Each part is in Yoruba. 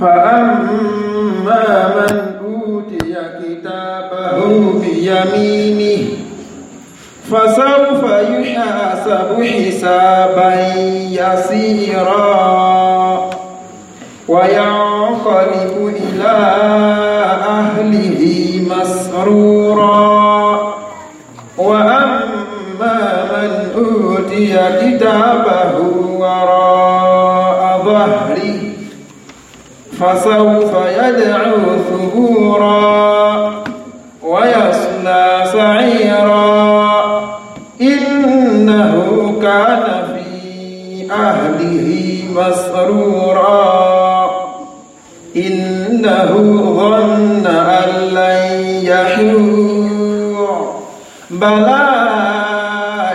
فأما من أوتي كتابه بيمينه فسوف يحاسب حسابا يسيرا وينقلب إلى أهله مسرورا وأما من أوتي كتابه وراء فسوف يدعو ثبورا ويصلى سعيرا إنه كان في أهله مسرورا إنه ظن أن لن يحور بلى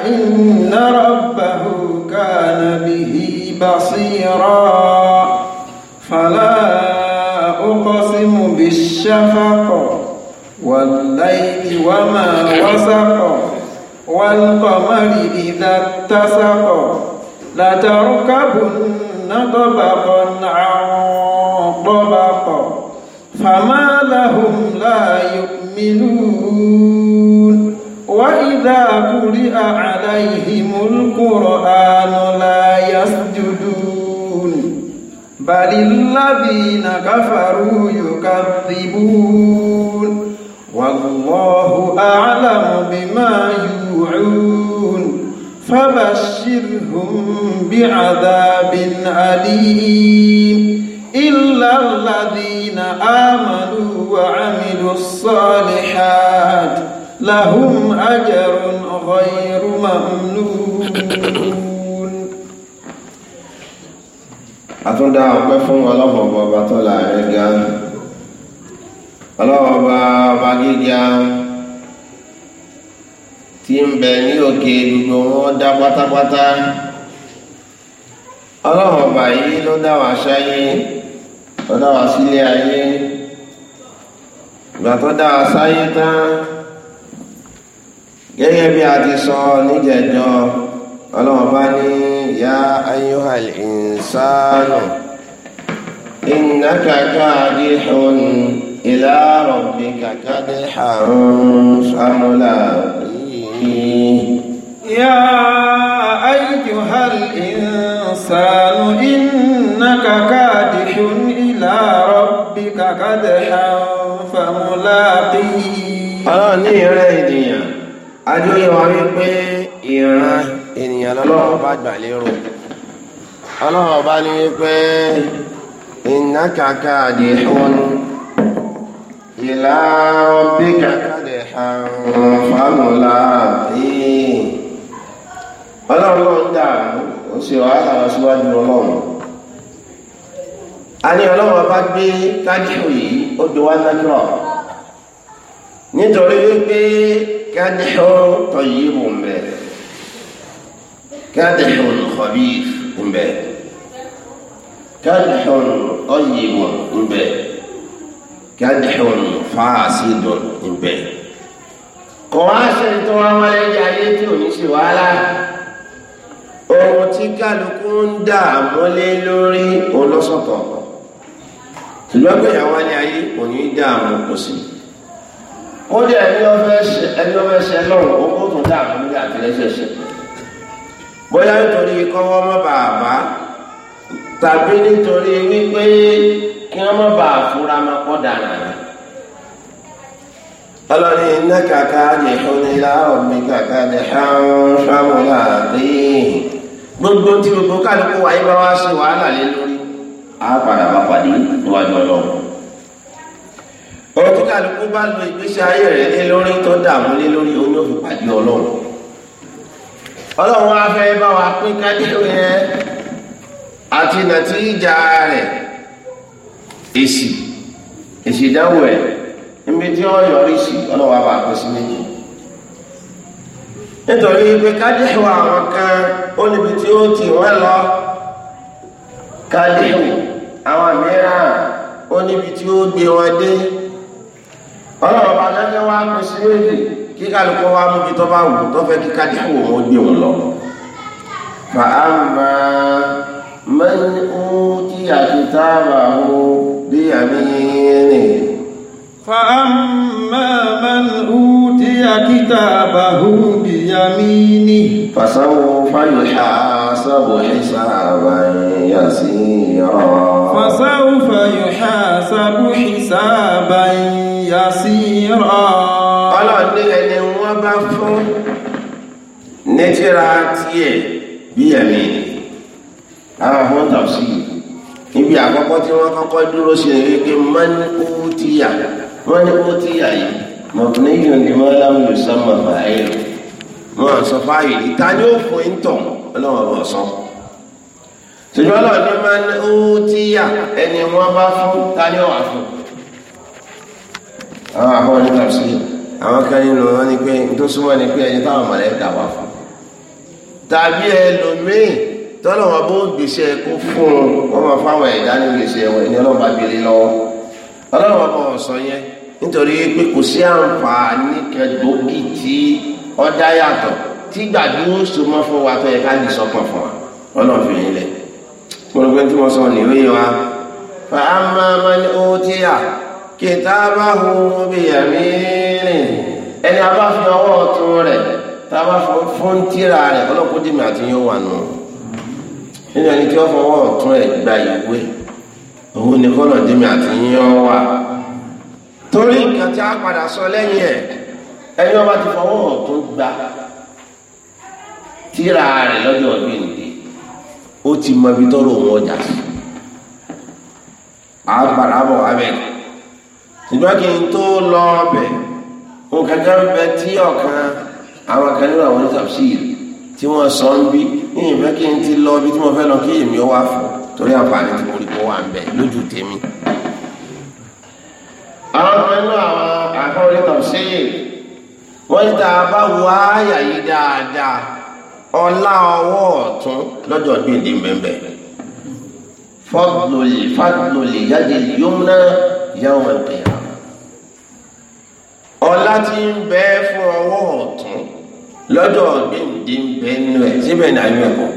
إن ربه كان به بصيرا شفق والليل وما وسق والقمر إذا اتسق لتركبن طبقا عن طبق فما لهم لا يؤمنون وإذا قرئ عليهم القرآن لا يسجدون بل الذين كفروا يكذبون والله أعلم بما يوعون فبشرهم بعذاب أليم إلا الذين آمنوا وعملوا الصالحات لهم أجر غير ممنون àtúndà ọpẹ́ fún ọlọ́pọ̀pọ̀ ọba tó láàrin ga ọlọ́ọ̀ba ọba gíga tí ń bẹ ní òkè gbogbo wọn dá pátápátá ọlọ́ọ̀ba yìí ló dá wa sáyé ló dá wa sílé ayé ìgbà tó dá wa sáyé tán gẹ́gẹ́ bí a ti sọ níjẹ̀jọ́ ọlọ́run bá ní ya ayyuhal insanu innaka kadihun ila rabbika kadihan samulaqih ya ayyuhal insanu innaka kadihun ila rabbika kadihan famulaqih ọlọ́run ní ìrẹ́ ìdìyàn adúlé wípé ìran ènìyàn lọ́lọ́run bá gbà lérò ọlọ́run bá ní wípé innaka kadihun ila rabbika kadihan famulaqi ọlọ́run ló ń dà ó sì wàhálà lọ síwájú ọlọ́run a ní ọlọ́run bá gbé kádìhù yìí ó di wá nákìrọ̀ nítorí wípé kádìhù tọ̀yìí bùn bẹ̀rẹ̀ kadhun khabith ń bẹ kadhun tayyibun ń bẹ kadhun fasidun ń bẹ kò wá ṣe tó wá wáyé ní ayé tí ò ní ṣe wàhálà ohun tí kálukú ń dààmú lé lórí olóṣọ̀tọ̀ ṣùgbọ́n pé àwọn ayé kò ní dààmú kò sí ó dẹ̀ ẹni ọfẹ́ ṣe ó kó tó dààmú nígbà tí lẹ́sẹ̀ bóyá nítorí kọ́wọ́ má bàa bá tàbí nítorí wípé kí wọ́n má bàa fúra má kọ́ dára ọlọ́ni iná kàkà lè fúnni láwọn mi kàkà lè hàn gbogbo tí gbogbo kálukú wáyé bá wá sí wàhálà lé lórí á padà bá pàdé níwájú ọlọ́run òtún kálukú bá lo ìgbésí ayé lé lórí tó dààmú lé lórí pàdé ọlọ́run. ọlọ́run wá fẹ́ bá wa pín kádìrú yẹn àti nàtí ìjà rẹ̀ èsì èsì ìdáwò ẹ̀ níbi tí ó yọrí sí ọlọ́run wá bá a pín sí méjì nítorí pé kádìrú àwọn kan ó níbi tí ó ti wọ́n lọ kádìrú àwọn mìíràn ó níbi tí ó gbé wọn dé ọlọ́run bá lẹ́gbẹ̀ẹ́ wá pín sí méjì kí kálukọ́ wá mú bí tó bá wù tó fẹ́ kí kádìkù wọn gbé wọn lọ. fàámà mẹ́ni ó tí àkìtàbà ó bí àmì ní. fàámà mẹ́ni ó tí àkìtàbà ó bí àmì ní. فسوف يحاسب حسابا يسيرا فسوف يحاسب حسابا يسيرا nẹ́tíra tiẹ̀ bí ẹ̀mí ara fún tàbí níbi àkọ́kọ́ tí wọ́n kọ́kọ́ dúró sí ẹ̀rí pé mọ́nìkótíyà mọ́nìkótíyà yìí mọ̀kùnrin ní wọ́n láwọn olùsọ́mọ fàáyé wọn sọ fáyé ìta ni ó fún ìtàn ọlọ́wọ́ bọ̀ sọ ṣùgbọ́n náà ní mọ́nìkótíyà ẹni wọ́n bá fún ta ni ó wà fún àwọn àkọ́kọ́ ní tàbí àwọn kan nínú wọn ni pé tó súnmọ́ ni pé ẹni táwọn mọ̀lẹ́ka wà fún tàbí ẹlòmíì tọ́lọ̀ wọn bó gbèsè fún un wọ́n fáwọn ẹ̀dá ní gbèsè ẹ̀wọ̀n ẹ̀ní lọ́wọ́ bọ̀ yẹn nítorí pé kò sí àǹfààní kẹgbógi tí ọjà yàtọ̀ tí gbàdúró fún wa tó yẹ ká lè sọpọ̀ fún wa fi yín lẹ̀ mo rò pé tí sọ wa fa ní tá a bá fọ fọ́ńtìrà rẹ̀ ọlọ́pàá dèmi àti yóò wà nù nínú ẹni tí wọ́n fọwọ́ ọ̀tún ẹ̀ gba ìwé òun ni kọ́nà dèmi àti yóò wà torí nǹkan tí a padà sọ lẹ́yìn ẹ̀ ẹni wọ́n bá ti fọwọ́ ọ̀tún gba tíra rẹ̀ lọ́jọ́ ọ̀gbìn nìyí ó ti mọ ibi tọ́rọ òun ọjà sí àgbàràbọ̀ abẹ́ ṣùgbọ́n kí n tó lọ ọbẹ̀ òun kankan bẹ tí ọ̀kan àwọn kan nínú àwọn onítàbísìr tí wọ́n sọ ń bí ní ìfẹ́ kí n ti lọ bí tí mo fẹ́ lọ kí èmi ó wà fún torí àǹfààní tí mo rí kó wà ń bẹ lójú tèmi. àwọn kan nínú àwọn àkọ́ onítàbísìr wọ́n ní tá a bá wo àyà yìí dáadáa ọlá ọwọ́ ọ̀tún lọ́jọ́ gbèdé mbẹ́mbẹ́ fadlul fadlul yadil yumna yawm al ọlá tí ń bẹ fún ọwọ́ ọ̀tún lọ́dọ̀ gbèǹde ń bẹ nínú ẹ̀ síbẹ̀ ní àyè ẹ̀kọ́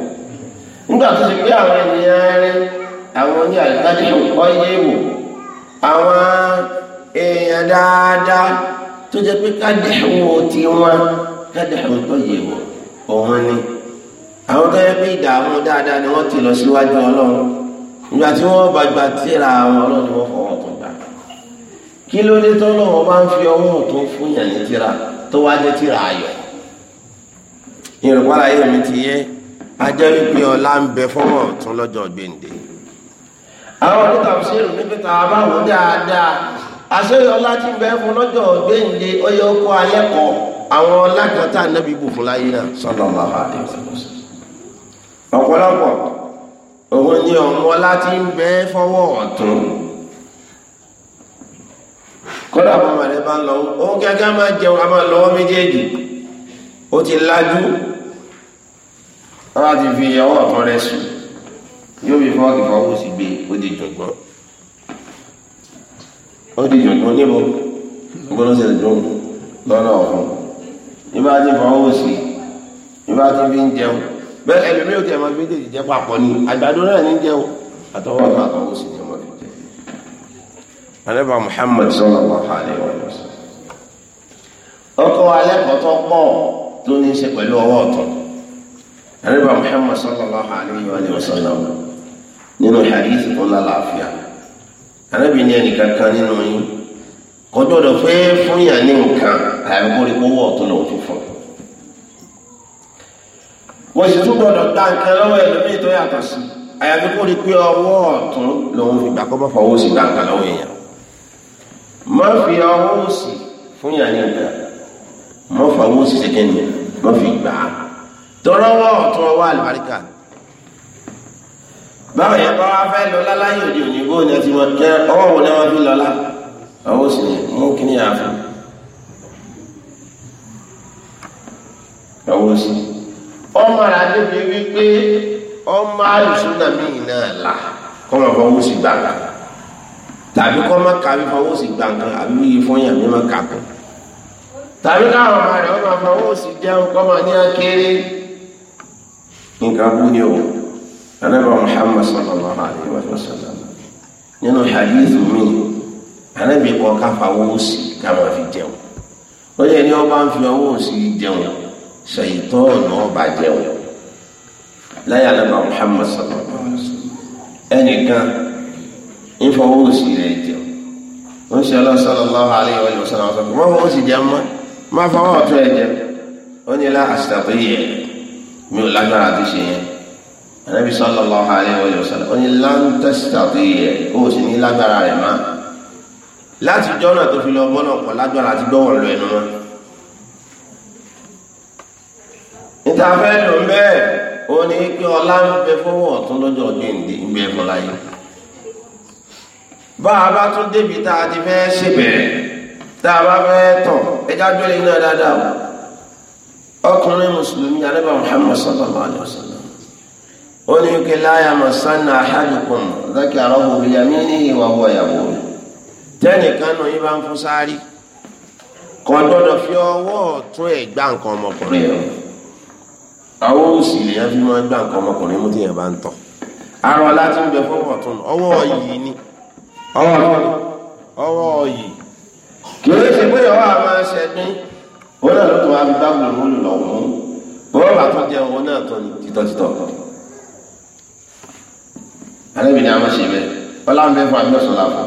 nígbà tó ti gbé àwọn ènìyàn rẹ àwọn ní àyíkájú ọkọ yé wò àwọn èèyàn dáadáa tó jẹ pé kádìhùn ti wọn kádìhùn tó yé wò òun ni àwọn tó yẹ pé ìdààmú dáadáa ni wọ́n ti lọ síwájú Ọlọ́run ìgbà tí wọ́n bá gba tíra àwọn Ọlọ́run ni wọ́n fọwọ́ tó gbà kí ló dé tọ́lọ́wọ́ máa ń fi ọwọ́ tó fún yàn ní tíra tó wá jẹ́ tíra ayọ̀ ìrùpàlà yìí mi ti yé ajẹ́ wípé ọlá ń bẹ fọ́mọ̀ tún lọ́jọ́ gbèǹde. àwọn oníta òṣèlú níbi tá a bá wò dáadáa àṣeyọ ọlá ti bẹ fún lọ́jọ́ gbèǹde ó yẹ kó alẹ́ kọ àwọn ọlá kan tá a nẹ́bí bù fún láyé náà sọ́nà ọ̀la ọ̀pọ̀lọpọ̀ òun ni ọmọ láti ń bẹ fọwọ́ ọ̀tún kódà bọ́mọ̀ rẹ̀ bá ń lọ òun gẹ́gẹ́ máa jẹun a máa lọ́wọ́ méjèèjì ó ti lájú ọba ti fi ìyàwó ọ̀tọ́ rẹ̀ sùn yóò fi fọ́ọ̀kì fọ́ọ̀kù sí gbé ó di jọ̀gbọ́n ó di jọ̀gbọ́n níbo gbọ́dọ̀ sí ẹ̀dùn lọ́nà ọ̀fun ìbá ti fọ́ọ̀kù sí ìbá ti fi ń jẹun bẹ́ẹ̀ ẹlòmí ò tẹ̀ máa fi tètè jẹ́ papọ̀ ni àgbàdo náà ní jẹun àtọwọ́ àtọwọ́ sí ni jẹ. ọkọ̀ alẹ́kọ̀ọ́ tó pọ̀ tó ní í ṣe pẹ̀lú ọwọ́ àrẹ́bà Muhammad sallallahu alayhi wa sallam nínú hadithi tó lálàáfíà àrẹ́bì ní ẹnìkan kan nínú yín kọjú ọ̀dọ̀ fẹ́ fún yà ní nǹkan àìkórí kówó ọ̀tún lòun fi fún wọ́n sì tún gbọ́dọ̀ gba nǹkan lọ́wọ́ ẹlòmíì tó yàtọ̀ sí àyàfi kó rí pé ọwọ́ ọ̀tún lòun fi gbà kọ́ bá fọwọ́ sí gba nǹkan lọ́wọ́ èèyàn má fi ọwọ́ òsì fún yà ní nǹkan má fọwọ́ sí ṣe má fi gbà á tọrọwọ́ ọ̀tún ọwọ́ àlùbáríkà báwo yẹn bá wá fẹ́ lọ láláyé òde òní bó ni ẹtì wọn kẹ ọwọ́ wọn ni wọn fi lọ lá ọwọ́ sì ni mú kíní àfọ ọwọ́ sì ọmọ rà débi wípé ọmọ àlùsùnà míì náà là kọ́mọ fọwọ́ sì gbàgbà tàbí kọ́mọ kàwé fọwọ́ sì gbàgbà àbí wíyí fọyín àbí má kàkọ́ tàbí káwọn ọmọ rẹ̀ ọmọ fọwọ́ sì jẹun kọ́mọ ní akéré nǹkan bú ni o anábà muhammad sallallahu alayhi wa sallam nínú hadithu mi anábì kan káfa owó sí ká máa fi jẹun ó yẹ ní ọba ń fi owó sí jẹun ṣèyítọ́ ọ̀nà ọba jẹun láyé anábà muhammad sallallahu alayhi wa sallam ẹnìkan ń fọwọ́ sí rẹ̀ jẹun wọ́n ṣe sallallahu alayhi wa sallam wọ́n fọwọ́ sí jẹun mọ́ máa fọwọ́ ọ̀tún ẹ̀ jẹun ó ní lá àṣìṣàtò yìí mi ò lágbára àti ṣe yẹn anabi sallallahu alayhi wa sallam ó ní láńtẹ́sítà tó yẹ ó sì ní lágbára rẹ̀ má láti jọ́nà tó fi lọ bọ́nà pọ̀ lágbára àti gbọ́wọ̀ lọ ẹnu wọn. níta fẹ́ lò ń bẹ́ẹ̀ ó ní pé ọlá ń bẹ fọwọ́ ọ̀tún lọ́jọ́ gbèǹde ń bẹ fọlá yìí. bá a bá tún débi tá a ti fẹ́ ṣèbẹ̀rẹ̀ tá a bá fẹ́ tọ̀ ẹja jọ́lẹ̀ iná dáadáa ọkùnrin mùsùlùmí alẹ́bà muhammad sallallahu alayhi wa sallam ó ní kí láyà masanna ahadukum zakarahu biyaminihi wa huwa yabul tẹ́nìkan náà yín bá ń fún sáré kan gbọ́dọ̀ fi ọwọ́ tún ẹ̀ gbá nǹkan ọmọkùnrin rẹ̀ òsì fi máa gbá nǹkan ọmọkùnrin mú bá ń tọ̀ arọ láti ń bẹ ọwọ́ yìí ni ọwọ́ yìí kì í ṣe pé ọwọ́ òun náà ló tó wá fi bábùlù mú lò lọ́wọ́ mú bọ́ọ̀ bá tó jẹun òun náà tó ní títọ́títọ́. àlẹ́bí ni a máa ṣe bẹ́ẹ̀ ọlá ń bẹ fún àbí ọ̀sán láfa.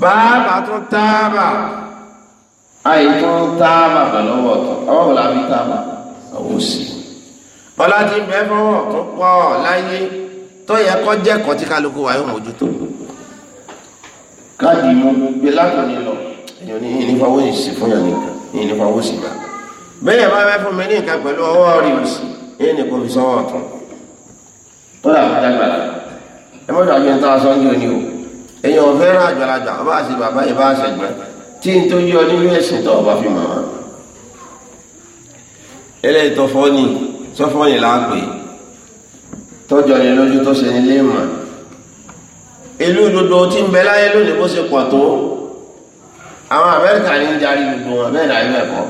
bàbá tó táàbà àyè tó táàbà bẹ̀ lọ́wọ́ ọ̀tọ̀ ọwọ́ wò láfi táàbà ọwọ́ sí. ọlá ti bẹ fọwọ́ tó pọ̀ láyé tó yẹ kọ́ jẹ́kọ̀ọ́ tí kálukú wa yóò mójútó. káàdì mú gbé látọ̀ nílọ èèyàn ní ìnífọwọ́ ìsìn fún yàn nìkan ní nípa owó sì gbà bẹ́ẹ̀ bá bá fún mi ní nǹkan pẹ̀lú ọwọ́ rí òsì èyí ni kò fi sọ́wọ́ ọ̀tún tó dàgbà dàgbà ẹ mọ́tò àjọ ìta aṣọ ní òní o èyàn ò fẹ́ràn àgbàlagbà ọba àti bàbá ìbá àṣẹgbọ́n tí n tó yí ọ nínú ẹ̀sìn tó ọba fi mọ̀ wọn. eléyìí tó fọ́ ni sọ́fọ́ ni là ń pè tọ́jọ́ ni lójú tó ṣe ní lé mọ̀ ìlú ìdodo tí ń bẹ láyé lónìí bó ṣe pọ̀ tó àwọn amẹ́ríkà ní ń darí gbogbo wọn bẹ́ẹ̀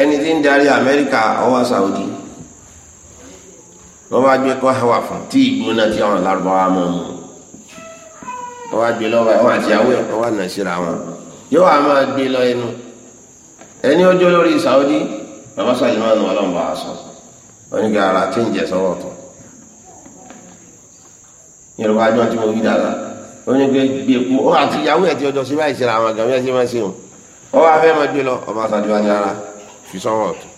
ẹni tí ń darí amẹ́ríkà ọwọ́ saudi wọ́n bá gbé kọ́hàwà fún tí ìgbóná tí àwọn lárúbáwá mọ̀ mú wọ́n bá gbé lọ́wọ́ ẹ̀wọ̀n àti àwẹ̀ ọwọ́ àná síra wọn yóò wá máa gbé lọ ẹni ọjọ́ lórí saudi bàbá Salman ní ọlọ́mọ àṣọ tí ń jẹ sọ́wọ́ tó yorùbá tí mo onígbé gbé kú ó àti ìyàwó ẹ̀ tí ọjọ́ sí báyìí ṣẹlẹ̀ àwọn àgàmì ẹ̀ sí máa ṣe wọn ó wá fẹ́ máa gbé lọ ọba sàdúrà ní ara fi sọ́wọ́ ọ̀tún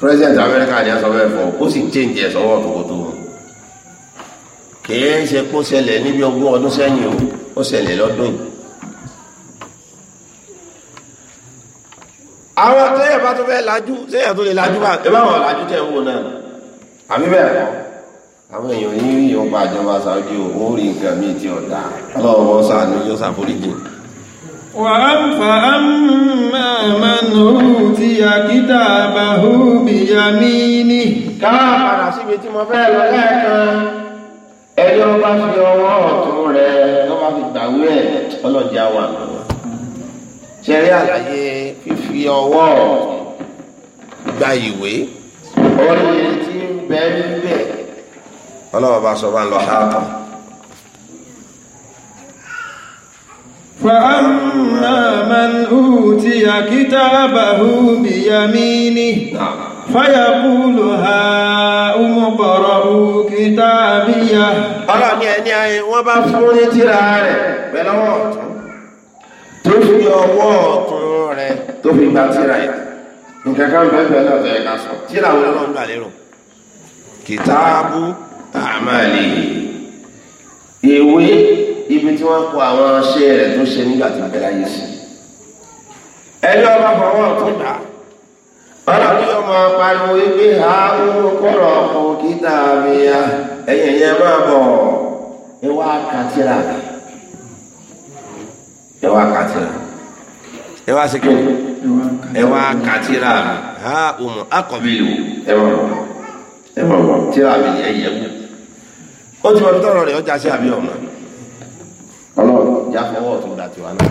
president Amẹ́ríkà ni a sọ bẹ́ẹ̀ fọ ó sì change ẹ̀ sọ́wọ́ ọ̀tún kò tó wọn kìí ṣe kó ṣẹlẹ̀ níbi ogún ọdún sẹ́yìn o ó ṣẹlẹ̀ lọ́dún yìí. àwọn àtẹ́yẹ̀ bá tó fẹ́ lajú sẹ́yìn tó lè lajú bá ẹ bá wọn lajú tẹ̀ ń wò náà àbí bẹ́ẹ̀ kọ́ àwọn èèyàn ní ìyọba àjọba Saudi òun ó rí nǹkan míì tí ọ̀dà ọlọ́wọ́ sàánú yóò ṣàforíjì. وأما من أوتي كتابه بيمينه ká padà síbi tí mo fẹ́ lọ lẹ́ẹ̀kan ẹni ó bá fi ọwọ́ ọ̀tún rẹ̀ ló bá fi gbàwé ẹ̀ ọlọ́jà wà ṣẹ̀rí àlàyé fífi ọwọ́ gba ìwé orí tí ń bẹ ọlọ́wọ́ bá sọ bá ń lọ hápọ̀. fàámà man utiya kitabahu biyamini fayaqulu ha umuqra'u kitabiya. ọlọ́ni ẹni ayé wọ́n bá fún ní tíra rẹ̀ pẹ̀lú ọ̀tún tó fi ọwọ́ ọ̀tún rẹ̀ tó fi gba tíra yìí nǹkan bẹ́ẹ̀ bẹ́ẹ̀ náà tẹ̀lé sọ tíra wọn lọ́nà lérò kìtàbù àmàlì ìwé ibi tí wọ́n kọ àwọn ṣẹ́ rẹ̀ tó ṣe nígbà tí bẹ́ẹ̀ láyé sí ẹni ọba fọwọ́ tó dà ọ̀nà tí ọmọ pariwo wípé ha ń kọ̀rọ̀ ọmọ òkìtà mi ya ẹ̀yìn ẹ̀yẹ máa bọ̀ ẹ wá kàtìrà ẹ wá kàtìrà ẹ wá sí kíni ẹ wá kàtìrà ha ọmọ akọ̀bí lò ẹ wọ̀ ẹ wọ̀ tìrà mi ni ẹ ó ti mọ ibi tọrọ rẹ ọjà sí àbí ọmọ Ọlọ́run já fọwọ́ ọ̀tún gbà tiwa náà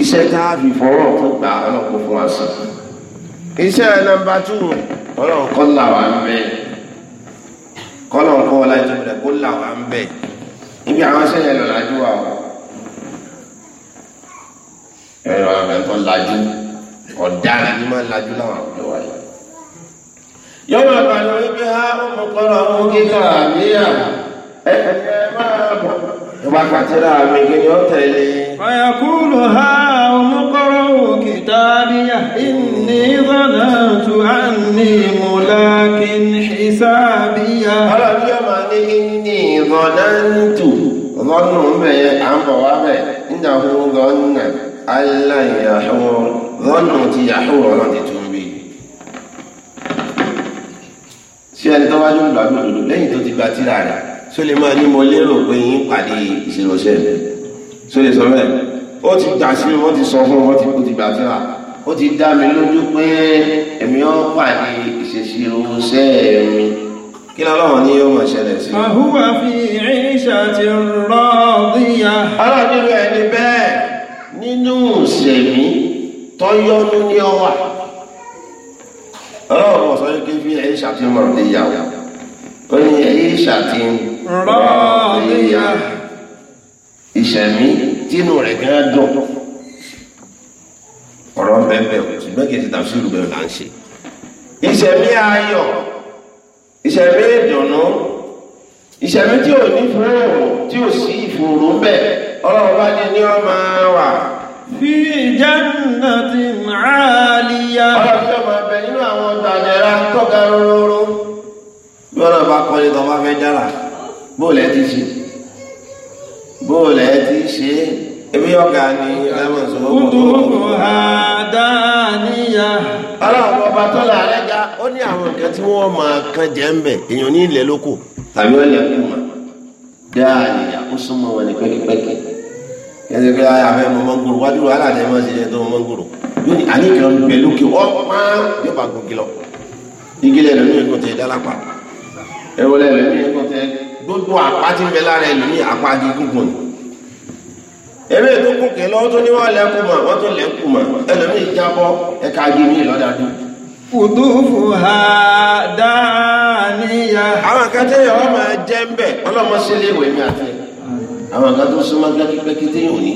iṣẹ́ tá a fi fọwọ́ ọ̀tún gbà ọlọ́kùn fún wa sùn iṣẹ́ nọ́mbà tù Ọlọ́run kọ́ là wà ń bẹ kọ́lọ̀ ń kọ́ ọ lájú rẹ̀ kó là wà ń bẹ ibi àwọn iṣẹ́ yẹn lọ wa o ẹ̀rọ àwọn ẹ̀kọ́ lajú ọ̀daràn ni máa ń láwọn àwùjọ wa yìí yóò máa bá lọ wípé á ọmọkọ́rọ̀ ọmọ kíkà àmìyà ẹ̀ẹ́dẹ́ máa bọ̀ ìwà kàtẹ́rà àmì kìíní ó tẹ̀lé. ọ̀yàkúlù ha ọmọkọ́rọ̀ òkìtà àmìyà ìní ìrọ̀nàtù àní mọ̀lákin ìsáàbíyà. ọlọ́bí ọmọ ní ìní ìrọ̀nàtù rọ́nù bẹ̀yẹ à ń ṣé ẹni tó bá jọ ìgbàgbọ́ òdodo lẹ́yìn tó ti gba tíra rẹ̀ ṣó lè máa ní mo lérò pé yín pàdé ìṣèrànṣẹ́ rẹ̀ ṣó lè sọ bẹ́ẹ̀ ó ti dà sí mi wọ́n ti sọ fún wọn ó ti gbà tíra ó ti dá mi lójú pé èmi ó pàdé ìṣèṣiròṣẹ́ mi kí lọ́lọ́wọ́ ní yóò máa ṣẹlẹ̀ sí. àhúwà fi ìrìnṣà ti rọ́ọ̀dìyà. aláàbí rẹ̀ ni bẹ́ẹ̀ nínú ìṣẹ̀mí tọ́yọ́nú ní ọwà ọlọ́run ọ̀sán yóò ké fi ẹ̀yí ṣàtì mọ̀rọ̀díyà ó ní ẹ̀yí ṣàtì mọ̀rọ̀díyà ìṣẹ̀mí tínú rẹ̀ gán dùn ọ̀rọ̀ bẹ́ẹ̀ ṣùgbọ́n kì í ṣe tàbísírù bẹ́ẹ̀ là ń ṣe ìṣẹ̀mí ayọ̀ ìṣẹ̀mí ìdùnnú ìṣẹ̀mí tí ò ní fúrẹ́wò tí ò sí ìfòrò bẹ́ẹ̀ ọlọ́run bá ní ní ọmọ wa. fi jannati àlìyá. ọlọ́run tó máa bẹ ẹ̀rọ tọ́ka rúrú bí wọ́n náà bá kọ́lé tó bá fẹ́ dára bóòlù ẹ ti ṣe bóòlù ẹ ti ṣe ebi ọ̀gá ni ẹ̀wọ̀n sọ wọ́n tó wọ́n àdáníyà. ọlọ́run ọba tó là rẹ̀ ga ó ní àwọn nǹkan tí wọ́n máa kan jẹ́ ń bẹ̀ èèyàn ní ilẹ̀ lóko tàbí ọ̀lẹ̀ kù mọ́ dáníyà ó súnmọ́ wọn ní pẹ́kípẹ́kí yẹn pé àfẹ́ mọ́ mọ́ngòrò wájú wàhálà tẹ́ mọ́ sí ẹ̀ tó mọ́ngòrò yóò ní àníkàn bẹ̀ lókè ọ́ máa yóò bá gòkè lọ. igi lẹ́lòmí kò tẹ dálápà ẹwọ lẹ́lòmí kò tẹ gbogbo àpá bẹ lára ẹlòmí di gúngùn ẹ̀mí ètò kùnkè lọ́wọ́ tó ní wọ́n lẹ́kù mọ̀ wọ́n tó lẹ́kù mọ̀ ẹlòmí jábọ́ ẹ̀ka agi mi lọ́dàdú. kùdùfù ha dáníyà. àwọn kan tẹ́ yọ̀ máa jẹ́ ń bẹ̀ ọlọ́mọ sílé ìwé mi àti àwọn kan ò ní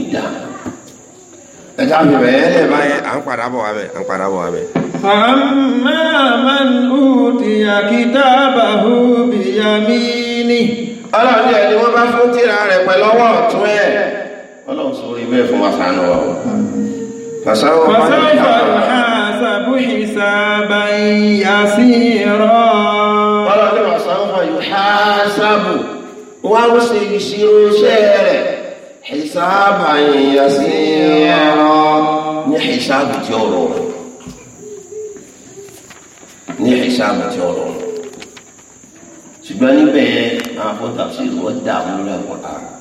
ẹja fi bẹ̀yẹ lẹ̀ báyẹn à ń padà bọ̀ wá bẹ̀ à ń padà bọ̀ wá bẹ̀. àmà man utiya kitabahu biyamini. ọlọ́run ní ẹni wọ́n bá fún tírà rẹ̀ pẹ̀lú ọwọ́ ọ̀tún ẹ̀ ọlọ́run sórí bẹ́ẹ̀ fún wa sànù wa o. fasawo yuhasabu hisaban yasira. ọlọ́run ní fasawo yuhasabu ṣe ìṣirò iṣẹ́ rẹ̀ hisaban yasira ní hisabu tí ó rọrùn ní hisabu tí ó rọrùn ṣùgbọ́n níbẹ̀ yẹn àwọn afọ́tàṣe wọ́n dà lórí àwọn àrùn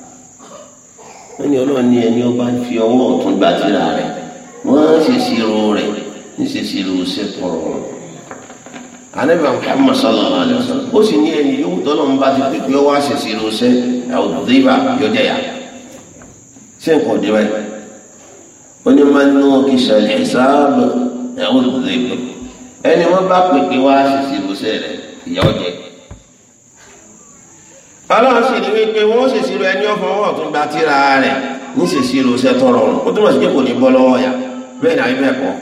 wọ́n ní ọlọ́run ní ẹni ọba fi ọwọ́ ọ̀tún gba tírà rẹ̀ wọ́n ṣe ṣírò rẹ̀ ní ṣe ṣírò ṣẹ́kọ̀ọ́ wọn. anábìyàn Muhammad sallallahu alaihi wasallam ó sì ní ẹni yóò tọ́lọ́ ń bá ti pípé ọwọ́ àṣẹ ṣírò ṣẹ́ àwùjọ ìbá yọjẹ́ yá ṣé nǹkan ọ̀dẹ́ báyìí ní man nuqisha al-hisab ẹ̀wọ̀dùdùdù ẹni wọ́n bá pèpè wá ṣèṣì ìrúsẹ̀ rẹ̀ ìyàwó jẹ. ọlọ́run sì ní wípé wọ́n ṣèṣì rú ẹni ọ̀fọwọ́ tó gba tíra rẹ̀ ní ṣèṣì ìrúsẹ̀ tọrọ ọ̀run ó túmọ̀ sí pé kò ní bọ́ lọ́wọ́ yà bẹ́ẹ̀ ni àyíbẹ̀ kọ́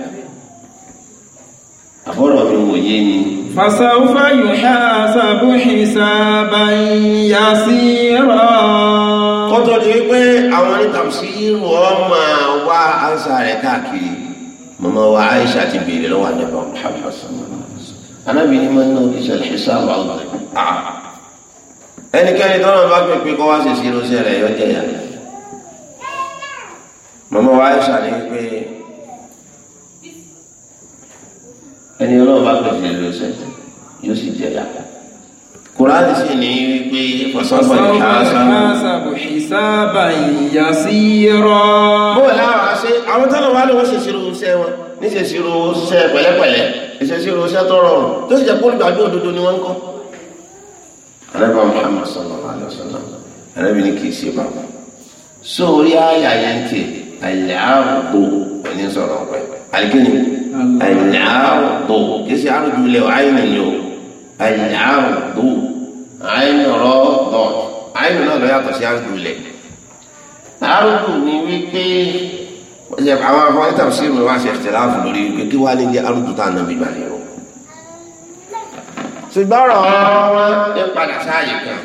àbọ̀rọ̀ mi wò yé ni. fasawfa yuhasabu hisaban yasira. kọ́tọ̀ ni wípé àwọn onítàmùsí rọ̀ máa wá Aisha rẹ̀ káàkiri màmá wa Aisha ti béèrè lọ́wọ́ àdébà Muhammad sallallahu alaihi wasallam anábì ni man nukisha al-hisab àwọn ah. ẹnikẹ́ni tó náà bá pèpè kọ́ wá ṣèṣì lọ́sẹ̀ rẹ̀ yọ jẹ̀yà màmá wa Aisha ni pé ẹni ọlọ́run bá pèsè lọ́sẹ̀ yóò sì jẹ̀yà kùránì sì ní wípé fọ́sọ́fọ́ ìhásá. fọ́sọ́fọ́ ìhásá bò ṣì sábà ìyàsí rọ́ọ́ àwọn tọ́lọ̀ wà lọ́wọ́ ṣe ṣírò iṣẹ́ wọn ní ṣe ṣírò iṣẹ́ pẹ̀lẹ́pẹ̀lẹ́ ṣe ṣírò iṣẹ́ tó rọrùn tó sì jẹ́ pé olùgbàgbé òdodo ni wọ́n ń kọ́. àrẹ́bà Muhammad sallallahu alaihi wasallam àrẹ́bì ní kì í ṣe bàbá sórí àyà yẹn ti àyàbò ẹni sọ̀rọ̀ pẹ̀ àlìkíni àyàbò kì í ṣe àrùjù ilẹ̀ wọ́n jẹ́ àwọn afọ́n níta sí ìròyìn wá sí ẹ̀tẹ̀láàfù lórí wípé kí wá ní jẹ́ arúgbó tá à ń bí gbà yẹ̀rọ. ṣùgbọ́n ọ̀rọ̀ wọn ń padà sáàyè kan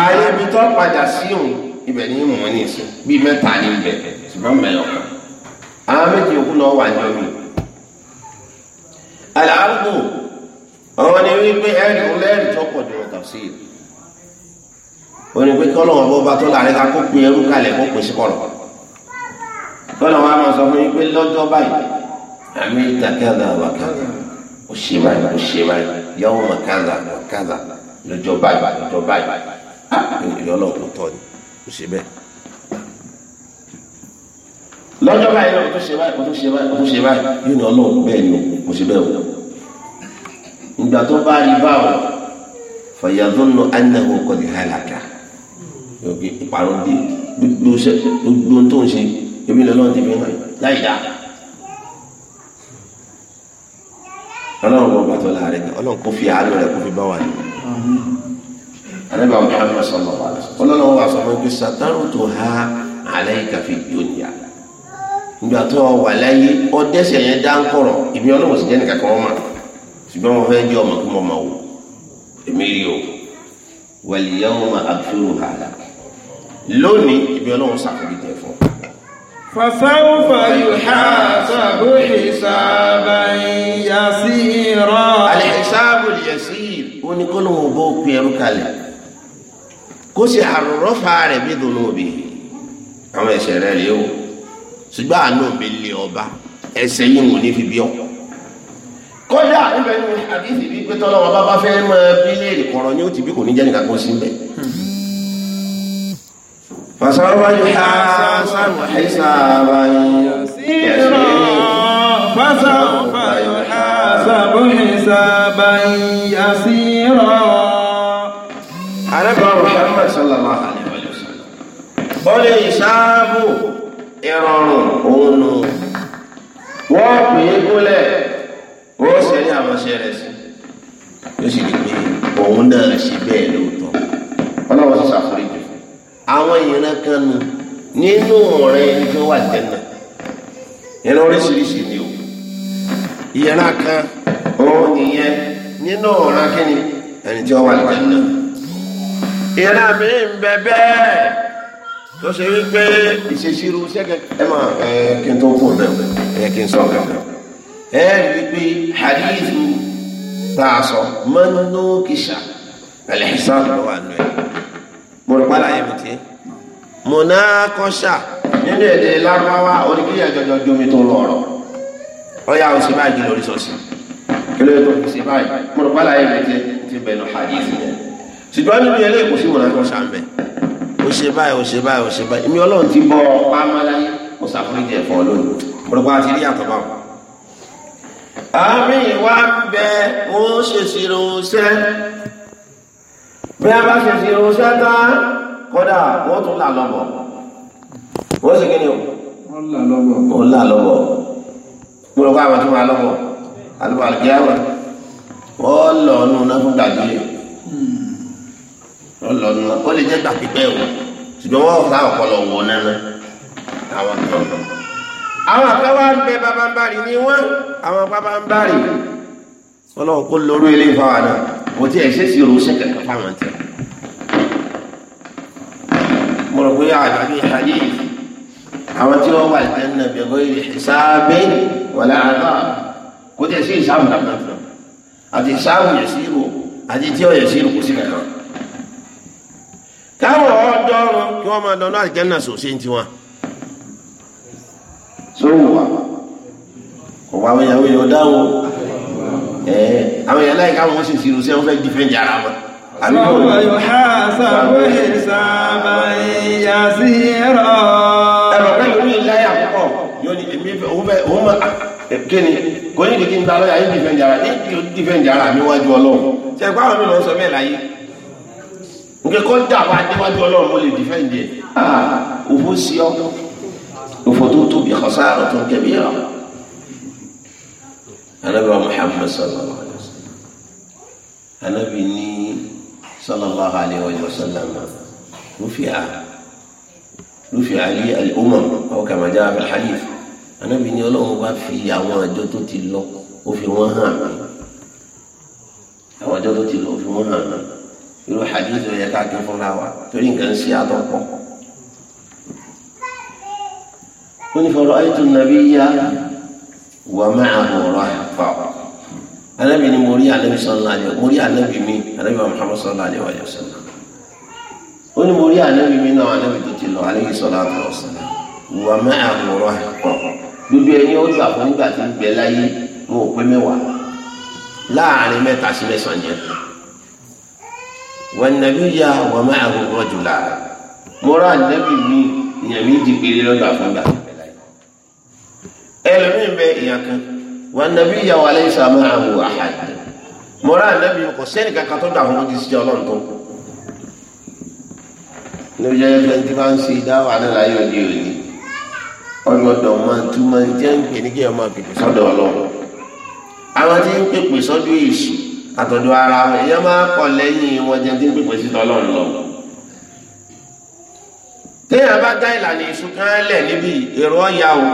ààyè ibi tó padà sí òun ibẹ̀ ní ìmọ̀ ní ìsìn bíi mẹ́ta ní ibẹ̀ ṣùgbọ́n mẹ́yọ̀ kan àwọn méjì òkú lọ wà ní omi. àlàáfù ọ̀rọ̀ ni wípé ẹ̀rì lẹ́rì tó pọ̀ jù ọ̀tà sí i. ó ní pé kọ́lọ́wọ́ bọ́ bá tó láàrin ká kó pin ẹrú kalẹ̀ kó pin sí kọ̀rọ̀ kọ́nà wa máa sọ fún yín pé lọ́jọ́ báyìí àmì ìtàkàdà wàkàdà ó ṣe báyìí ó ṣe báyìí yàwó wàkàdà wàkàdà lọ́jọ́ báyìí lọ́jọ́ báyìí ìyọ́ ah, náà kò tọ́ ni ó ṣe bẹ́ẹ̀. lọ́jọ́ báyìí lọ́wọ́ tó ṣe báyìí tó ṣe báyìí tó ṣe báyìí yóò ní ọlọ́run bẹ́ẹ̀ ni mo ṣe bẹ́ẹ̀ o. ìgbà tó bá rí báwọn fàyàdúnnù anáwó kọ́ni hàlàkà ìparun dé gbogbo tó ń ṣe èmi lọ́lọ́run ti fi hàn láì dá. ọlọ́run wọn bàtọ́ la rẹ̀ ọlọ́run kò fi àánú rẹ̀ kò fi bá wà ní. anábàá muhammed sallallahu alayhi wa sallam ọlọ́run wa sọ fún mi sàtàrù tó ha alayka fi dunya ìgbà tó wà láyé ọdẹ́sẹ̀ yẹn dá ń kọ̀rọ̀ ìbí ọlọ́run sì jẹ́ nìkan kan wọ́n ṣùgbọ́n wọn fẹ́ jẹ́ ọmọ kí wọ́n máa wò èmi rí o wal yawma aghfiruha lak lónìí ìbí ọlọ́run sàkóbi jẹ fún ọ. فسوف يحاسب حسابا يسيرا الحساب اليسير وني كل مبوك بيرو كالي كوسي عرفها ربي ذنوبه àwọn ẹ̀ṣẹ̀ rẹ̀ rèé o ṣùgbọ́n àánú mi lé ọba ẹ̀ṣẹ̀ yìí wò ní fi bí ọ. kódà níbẹ̀ ni àdìsí bíi pé tọ́lọ́wọ́ bá bá fẹ́ máa bí léèrè kọ̀ọ̀rọ̀ ni ó ti bí kò ní jẹ́ nìkan kan sí bẹ́ẹ̀. فسوف يحاسب حسابا يسيرا فسوف يحاسب حسابا يسيرا àrẹ́bọ̀ Muhammad sallallahu alaihi wa sallam ó lè ṣáàbù ìrọ̀rùn òun wọ́n pè é gúnlẹ̀ ó ṣe ní àmọ́ṣẹ́ rẹ̀ sí ó sì lè pé òun náà ṣe bẹ́ẹ̀ lóòótọ́ àwọn ìran kan nù nínú ọ̀rẹ́ ẹni tó wà jẹ́nà ìran oríṣiríṣi ni o ìran kan òun nìyẹn nínú ọ̀ràn kíni ẹni tí ó wà jẹ́nà ìran mi ń bẹ bẹ́ẹ̀ tó ṣe wípé ìṣèṣirò sẹ́kẹ̀ ẹ máa ẹ kí n tó kù náà ẹ kí n sọ ọ̀gá ẹ rí wípé hadithu tá a sọ mọ́nú kìsà ẹ̀lẹ́sàn lọ́wọ́ àná ẹ̀ mo rò pálá mi tiẹ́ mọ̀nàkọ́ṣà nínú èdè lárúbáwá oníkíyà jọjọ domi tó lọ́rọ̀ ọ̀yà òsì báyìí kí lórí sọ̀sì kí lórí tó òsì báyìí mọ̀nà bá láyé bẹ̀tẹ̀ ti bẹ̀nu hadithi yẹn ṣùgbọ́n nínú yẹn lè kò sí mọ̀nàkọ́ṣà ń bẹ̀ òsì báyìí òsì báyìí òsì báyìí èmi ọlọ́run ti bọ̀ pàmàlàyé mo ṣàforíjì ẹ̀fọ́ lónìí mọ̀nà bá ti rí àtọ̀ àmì ìwà bẹ wọn ṣèṣirò ṣẹ bí a bá ṣèṣirò ṣẹ tán kódà wọ́n tún là lọ́bọ̀ wọ́n sì kíni o wọ́n là lọ́bọ̀ mo lọ kó àwọn tó máa lọ́bọ̀ àlùbọ̀ àlùkíyàwó wọ́n lọ ọ̀nù náà fún gbàgbé wọ́n lọ ọ̀nù náà ó lè jẹ́ gbà pípẹ́ o ṣùgbọ́n wọ́n fà ọ̀pọ̀lọ wọ̀ nẹ́nẹ́ àwọn kan àwọn àkáwá ń bẹ bábáńbárì ni wọ́n àwọn bábáńbárì ọlọ́run kó lórí ilé ìfọwọ́ náà kò tí ẹ̀ ṣe sí òun ṣe kẹ̀kẹ́ fáwọn tiẹ̀ mo rò pé àbí ayé àwọn tí wọ́n wà lẹ́yìn náà bẹ̀rẹ̀ lórí ìsáábẹ́ wọlé àná kò tẹ̀ sí ìsáàmù náà fún un àti ìsáàmù yẹ̀ sí ìrò àti tí ó yẹ̀ sí ìrò kò sí kankan. káwọn ọ̀dọ́rùn kí wọ́n máa lọ́nà àti kẹ́ńnà sòsí ti wọn. sówù wa kò àwọn ìyàwó yẹn ọ̀dáwọ̀ ẹ̀ àwọn ìyàlá ìka wọn sì Àlọ́wọ́ yóò há sàbó ìsàbà ìyá sí rọ̀. Ẹ̀rọ pẹ̀lú ní ìyáyà púpọ̀ yóò ní èmi òun fẹ́ òun mọ̀ ah, kíni kò ní kìkì ń ta lọ́yà yín dìfẹ̀ǹdì ara yín dìfẹ̀ǹdì ara mi wájú ọlọ́run. Ṣé ẹ̀kọ́ àwọn mi lọ sọ bẹ́ẹ̀ láyé? Nkẹ́ kọ́ dà wá déwájú ọlọ́run mo lè dìfẹ̀ǹdì ẹ̀. Ah, òfò sí ọ, òfò tó tóbi ọ̀sán àrùn tó ń kẹ́bi ọ̀. Ànábì Muhammad sallallahu alaihi wasallam. Ànábì ní sallallahu alayhi wa sallam rufi'a rufi'a li al-umam aw kama jaa fi al-hadith anabi ni Ọlọ́run bá fi àwọn àjọ tó ti lọ ó fi wọ́n hàn mí àwọn àjọ tó ti lọ ó fi wọ́n hàn mí irú hadith yẹ ká kí fúnra wa torí nǹkan ṣe àtọ̀pọ̀. wọ́n ní fa ra'aytu an-nabiyya wa ma'ahu rahba anabi ni mo rí anabi sallallahu alaihi mo rí anabi mi anabi muhammad sallallahu alaihi wa sallam ó ní mo rí anabi mi náà anabi tó ti lọ alaihi salatu wa sallam wà má àwòrán ẹ̀kọ́ dúdú ẹni ó gbà fún nígbà tí ń bẹ láyé mo ò pé mẹ́wàá láàrin mẹ́ta sí mẹ́sàn-án yẹn wọn nàbí ya wà má àwòrán jùlá mo rá anabi mi ìyàmí di péré lọ́dọ̀ àfọ̀gbà ẹlòmíín bẹ ìyàn kan wọn nàbí ìyàwó alẹ́ ìsàmù àhùn àhàyè mọ̀rá ànábì kò sẹ́ni kankan tó dà fún ojúṣe ọlọ́run tó. níbi jẹ́ pé tí wọ́n ń ṣe ìdáwà náà láyé òde òní ọlọ́dọ̀ máa tún máa ń jẹ́ ń pè ní kí ọmọ pèpè sọ́dọ̀ ọlọ́run. àwọn tí ń pèpè sọ́dọ̀ èṣù àtọ̀dọ̀ ara èèyàn máa pọ̀ lẹ́yìn wọn jẹ́ tí ń pèpè sí tọ́lọ́run lọ. téèyàn bá dá ìlànà èṣù kan lẹ̀ níbi èrò ọ̀yà o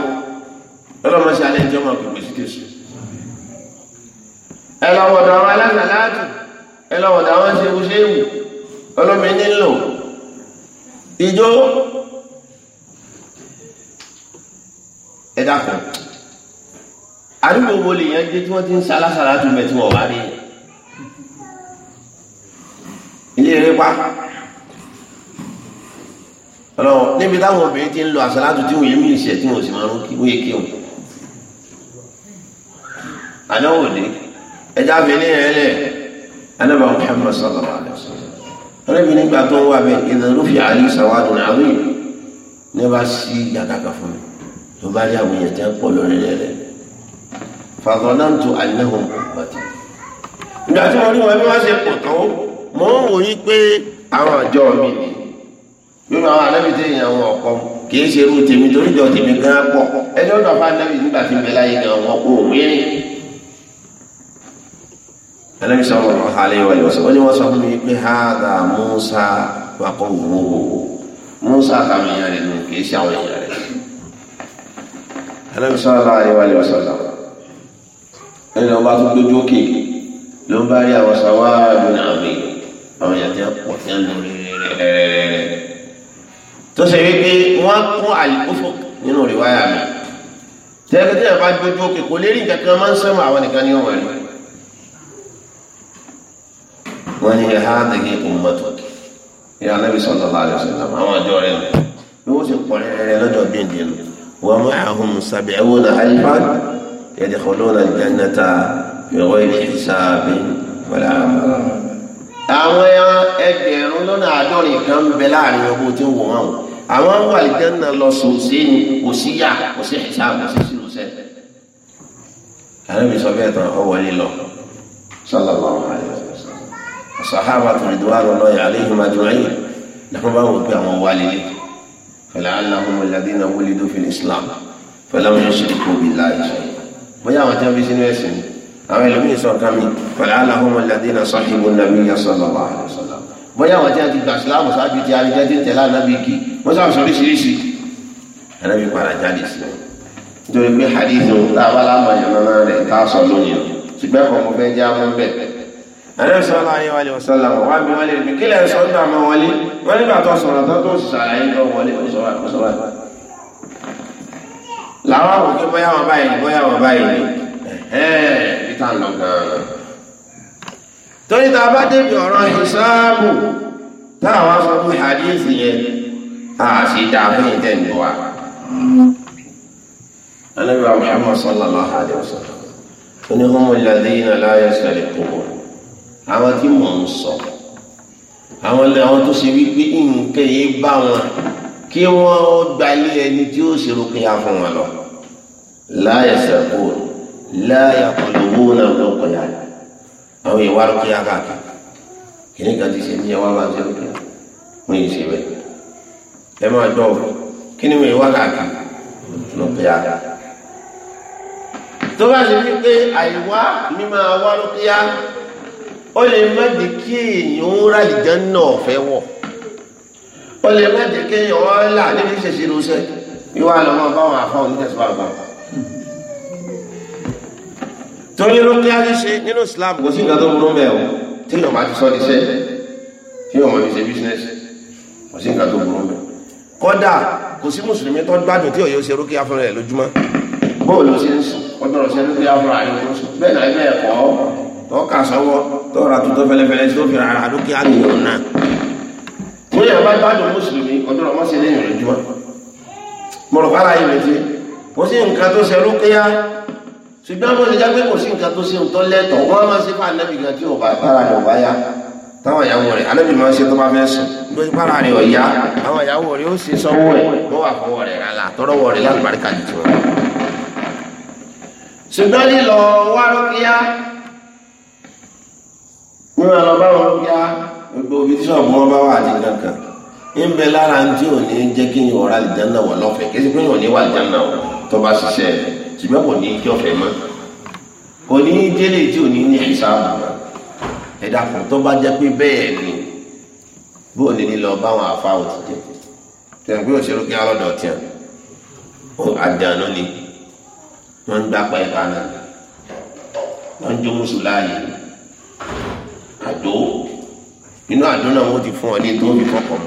ọlọ́mọ ṣe alẹ́ ìjọba pèpè sí Jésù ẹ lọ́wọ́dọ̀ àwọn alásàlátù ẹ lọ́wọ́dọ̀ àwọn ṣewuṣẹ́wù ọlọ́mọ nílò ìjó ẹ dákun àdúgbò wo lè yẹn dé tí wọ́n ti ń ṣe alásàlátù mẹ́tí wọ́n wá rí ilé eré pa ọlọ́wọ́ níbi táwọn obìnrin ti ń lo àsàlátù tí wọ́n yé mí ìṣẹ́ tí wọ́n sì máa ń kí wọ́n yé kí wọ́n. àdánwò ní ẹjá fi ní ẹ̀ẹ́lẹ̀ anábà Muhammad sallallahu alaihi wasallam ọlọ́bí nígbà tó wà bẹ́ẹ̀ ìdàrú fi àlè sàwádùn àrí ní bá sí fún mi tó bá rí ìgbà tí wọn bí ṣe pé àwọn àjọ mi ni nínú àwọn èèyàn wọn kì í ṣe irú tèmi torí jọ tèmi gan nígbà tí láyé ẹlẹ́bi sọ̀rọ̀ àlẹ́ ìwà ìwọ̀sọ̀ ó ní wọ́n sọ fún mi pé hádà Musa wà kọ́ òwúwo Musa àtàwọn èèyàn rẹ̀ nù kì í ṣe àwọn èèyàn rẹ̀ ẹlẹ́bi sọ̀rọ̀ àlẹ́ ìwà ìwọ̀sọ̀ ẹni ọba tó gbójú òkè ló ń bá rí àwọn sàwáàdù náà mi àwọn èèyàn tí wọ́n pọ̀ tí wọ́n lò rẹ̀rẹ̀rẹ̀rẹ̀ tó ṣe wípé wọ́n kún àlìkófò nínú rìwáyà mi tẹ́lẹ̀ tí bá gbójú òkè kò lérí nǹkan kan máa ń sẹ́mu àwọn nìkan ní ọ̀wọ́ rẹ̀ wọ́n ní ẹ̀ hádìgì ummatuki ní anábì sallallahu alaihi wasallam àwọn àjọ rẹ̀ ni wọ́n ti pọ̀ rẹ̀ lọ́jọ́ gbẹ̀ǹdẹ̀ lọ wọ́n mú àhùn sab'una alifan yadkhuluna al-jannata bi ghayri hisabin wala amal. àwọn ẹgbẹ̀rún lọ́nà àádọ́rin kan ń bẹ láàrin ọkọ̀ tí ń wọ̀ wọn àwọn ń wà al lọ sùn ni kò sí yà kò sí hisab kò sí sírù sẹ́ẹ̀. anábì sọ bẹ́ẹ̀ tán ọwọ́ lílọ sallallahu alaihi wasallam sahaba tó ridwanullahi alaihim ajma'in làwọn bá wò pé àwọn wà lélẹ̀ fala'allahum alladhina wulidu fil islam falam yushriku billahi shay'an bóyá àwọn jẹ́ bí sínú ẹ̀sìn àwọn ẹlòmíì sọ ká mi fala'allahum alladhina sahibu nabiyya sallallahu alaihi wasallam bóyá àwọn jẹ́ ti gbà sílámù sáájú ti àríjẹ́ ti tẹ̀lé ànábì kì wọ́n sọ àṣọ oríṣiríṣi ànábì padà jáde sí i nítorí pé hadith tá a bá lámọ̀ yànnà rẹ̀ tá a sọ lónìí ṣùgbọ́n kọ̀ọ̀kan fẹ́ jẹ́ àwọn bẹ́ẹ̀ ẹ̀rẹ́ sọ́lá ayé wálé ọ̀sọ́lá wà mí wálé mi kí lẹ́ sọ nígbà máa wọlé wọ́n nígbà tó sọ̀rọ̀ tó tó sàlàyé lọ wọlé oníṣọ́wà oníṣọ́wà. làwọn àwọn tó bóyá wọn báyìí bóyá wọn báyìí ẹ̀ẹ́ ìta lọ gan-an. torí tá a bá débi ọ̀rọ̀ ìṣáàbù táwọn aṣọ fún àdéhìsì yẹn a sì dá fún ìtẹ̀lé wa. anábìyà muhammad sallallahu alayhi wa sallam. oníhùnmù ladina la yasriqun àwọn tí mò ń sọ àwọn àwọn tó ṣe wípé nǹkan yìí bá wọn kí wọ́n gbalé ẹni tí ó ṣe rúkìá fún wọn lọ láyé sẹ́kù láyé àpọ̀lọ́wọ́ náà lọ́kọ̀ọ́yà àwọn ìwà rúkìá káàkiri kìnìún kan ti ṣe ní ẹwà bá ṣe rúkìá wọ́n yìí ṣe bẹ́ẹ̀ ẹ máa dọ̀ kí ni ìwà káàkiri lọ́kọ̀ọ́yà tó bá ṣe wípé àìwá mímọ́ àwa rúkìá ó lè má di kí èèyàn ń rà lìjẹ́ náà fẹ́ wọ̀ ó lè má di kí èèyàn ń là níbi ìṣẹ̀ṣẹ̀ ìrúṣẹ́ ìwà lọ́mọ báwọn àfa onítẹ̀síwá gbà. torí rúkẹ́ àríṣe nínú Islam kò sí nǹkan tó burú mẹ́ o tí yóò máa ti sọ níṣẹ́ tí yóò máa fi ṣe bísínẹ́sì kò sí nǹkan tó burú mẹ́ kódà kò sí mùsùlùmí tó gbádùn tí òye ó ṣe rúkẹ́ afọ́nrẹ́ lójúmọ́ bóòlù ṣe ń sùn ọdọ̀rọ̀ ṣe ń sùn bẹ́ẹ̀ náà tó kà sọ́wọ́ tó ra tuntun fẹ́lẹ́fẹ́lẹ́ tó fi ara dúkìá nìyọ̀n náà mo yẹ bá gbádùn mùsùlùmí ọdún ọmọ sí lẹ́yìn rẹ̀ jùmọ̀ mo rò fara yìí létí kò sí nǹkan tó ṣe rúkìá ṣùgbọ́n mo lè já pé kò sí nǹkan tó ṣe nǹtọ́ lẹ́tọ̀ wọ́n máa ṣe fún anábì gan tí ò bá fara rẹ̀ ò bá yá táwọn ìyàwó rẹ̀ anábì máa ń ṣe tó bá fẹ́ sùn lórí fara rẹ̀ ò yá àwọn ìyàwó rẹ̀ ó ṣe sọ́wọ́ rẹ̀ wọ́n wà fọwọ́ rẹ̀ rárá tọ́rọ́wọ́ rẹ̀ lálùbáríkà jù tiwọn. ṣùgbọ́n lílọ wá wọn lọ bá wọn lókè á ah, gbogbo omi tí sọ̀bù wọn bá wà àti kankan ń bẹ lára ń tí ò ní jẹ́ kí ni ọ̀rá lè dáná wọ̀ lọ́fẹ̀ẹ́ kí ẹ sì pé yóò ní wà dáná wọ̀ tó bá ṣiṣẹ́ ṣùgbọ́n kò ní kí ọ̀fẹ́ mọ́ kò ní délé tí ò ní ní ìṣàbù mọ́ ẹ̀dá kan tó bá jẹ́ pé bẹ́ẹ̀ ni bóò ní lọ báwọn àfa ò ti jẹ tẹ̀wọ̀n pé òṣèré kí alọ́dọ̀ tiẹ̀ àdánù ni wọ́n ń gbá pa ìpanu wọ́n ń jó mùsùlùmí àdó inú àdó náà wọ́n ti fún ọ ní tó fi kọ́kọ́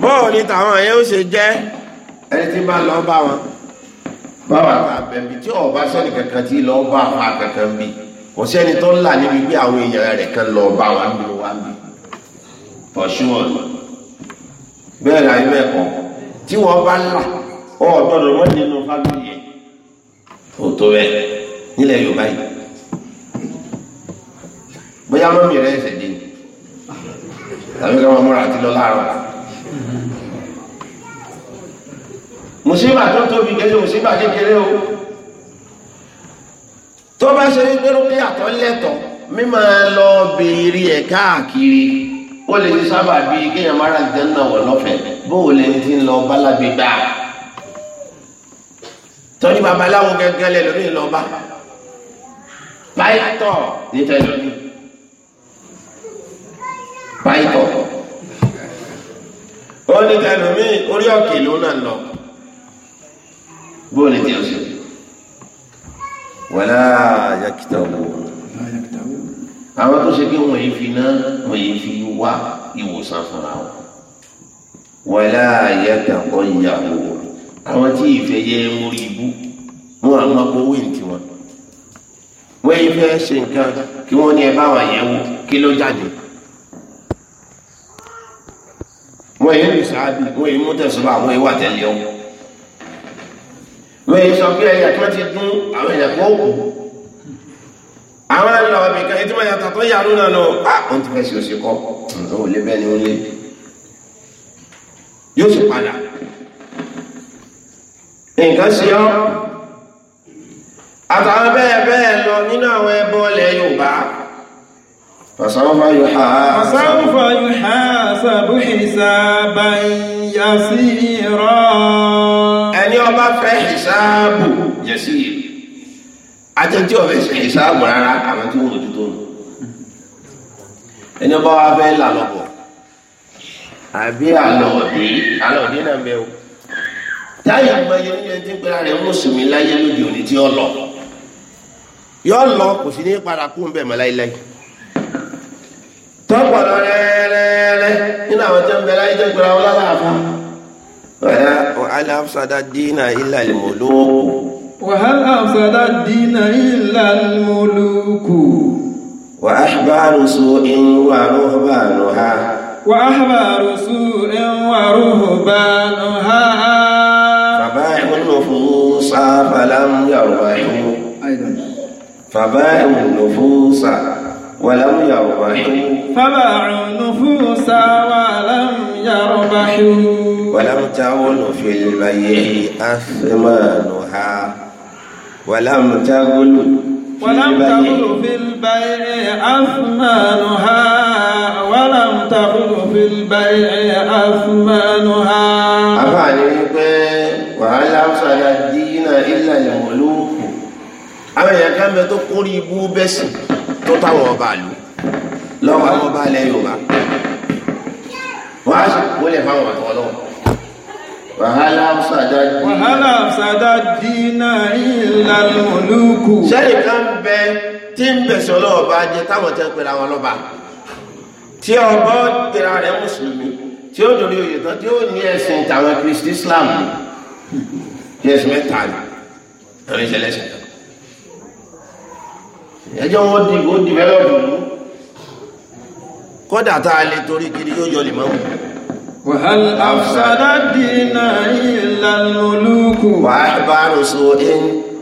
bọ́ọ̀ ni tàwọn yẹn ó ṣe jẹ́ ẹni tí bá lọ bá wọn báwa ta bẹ̀mí tí ọba sẹ́ni kankan tí lọ bá fa kankan bí kò sẹ́ni tó ń là níbi pé àwọn èèyàn rẹ̀ kan lọ bá wa bí wa bí sure. bẹ́ẹ̀ ni ayé bẹ́ẹ̀ kọ́ tí wọ́n bá là ọ̀ gbọ́dọ̀ wọ́n nínú fábíyì yẹn ò tó bẹ́ẹ̀ nílẹ̀ Yorùbá yìí bóyá mọ́mí rẹ̀ ẹsẹ̀ dé ni tàbí ká máa múra àti lọ láàárọ̀ mùsíbà tó tóbi kéde mùsíbà kékeré o tó bá ṣe ní gbérúkú yàtọ̀ lẹ́tọ̀ mímọ lọ béèrè ẹ̀ káàkiri ó lè ti sábà bí kéèyàn mára jẹ́ náà wọ̀ lọ́fẹ̀ẹ́ bóò lè ti ń lọ bálágbègbà torí babaláwo gẹ́gẹ́ lẹ́lọ́mí lọ́ba báyìí tọ̀ nítorí báyìbọ̀ ó ní tẹnumí orí òkè ló náà lọ bóòlù tí o ṣe wàlá yakita owó àwọn tó ṣe kí wọn yìí fi ná wọn yìí fi wá ìwòsàn fúnra wọn wàlá yàtà kọ ìyàwó àwọn tí ìfẹ́ yẹ mórí ibú wọn àwọn akọwé ntí wọn wọn yìí fẹ́ ṣe nǹkan kí wọn ní ẹ bá wọn yẹ̀wò kí ló jáde. wọ́n yẹ lùsàábì wọ́n yẹ mútẹ̀sọ́bà wọ́n yẹ wà tẹ́lẹ̀ ọ́ wọ́n yẹ sọ pé ẹ̀yà tó ti dún àwọn ẹ̀yà kó kù àwọn ẹ̀yà ọ̀bì kan ètò ẹ̀yà tàtọ́ yà ló lọ à wọ́n ti fẹ́ sí oṣù kọ́ ọ̀dọ́ ò lé bẹ́ẹ̀ ni ó lé yóò sì padà nǹkan sí ọ́ àtàwọn bẹ́ẹ̀ bẹ́ẹ̀ lọ nínú àwọn ẹbọ ilẹ̀ Yorùbá fàṣàwọ́fà yóò hà á fàṣàwọ́fà yóò hà á حسابا يسيرا ẹni ọba fẹ́ hisabu yasir àtẹ̀tí ọ̀fẹ́ ṣe hisabu rárá àwọn tí wọ́n lò tuntun ẹni ọba wa fẹ́ là lọ́bọ̀ àbí àlọ́ọ̀dé àlọ́ọ̀dé náà bẹ́ẹ̀ o táyà àgbáyé oúnjẹ tí ń pera rẹ̀ mùsùlùmí láyé lóde òní tí ó lọ yọ lọ kò sí ní padà kú ń bẹ̀ mọ́ láéláé tó pọ̀lọ rẹ́rẹ́rẹ́ nínú àwọn tó ń bẹ láyé tó gbéra wọn lálàáfà. wàhálà wàhálà afsada dínà ilà al-muluk. wàhálà afsada dínà ilà al wà á bàrù su'in wà ruhbanuha. wà á bàrù su'in wà ruhbanuha. fàbáyọ̀ nufusa falam yarbahu. fàbáyọ̀ nufusa. ولم يربحوا فباعوا نفوسا ولم يربحوا ولم تعن في البيع أثمانها ولم تغل ولم تغل في البيع أثمانها ولم تغل في البيع أثمانها أفعل وهل أوصل الدين إلا الملوك أما يا كم تقربوا بس tó táwọn ọba àlù lọ́wọ́ àwọn ọba alẹ́ Yorùbá wọ́n á wọlé fáwọn àtọ́ lọ́wọ́ wàhálà ọ̀sàdá dì wàhálà ọ̀sàdá dì náà ìlà lọ́lùkù sẹ́yìn kan bẹ tí ń bẹ̀sẹ̀ ọlọ́ọ̀bá jẹ táwọn tẹ́ pẹ̀lú àwọn ọlọ́ba tí ọba tẹ̀ra rẹ̀ mùsùlùmí tí ó dòrí oyè tán tí ó ní ẹ̀sìn tàwọn kristi Islam ní ẹ̀sìn mẹ́ta ní ẹ̀rìn ìṣẹ̀lẹ̀ ìṣẹ̀lẹ̀ ẹjọ́ wọn di ó di mẹ́lọ́dù mú kódà tá lè torí kiri yóò yọ lè máa mú. وهل أفسد الدين إلا الملوك وأحبار سوء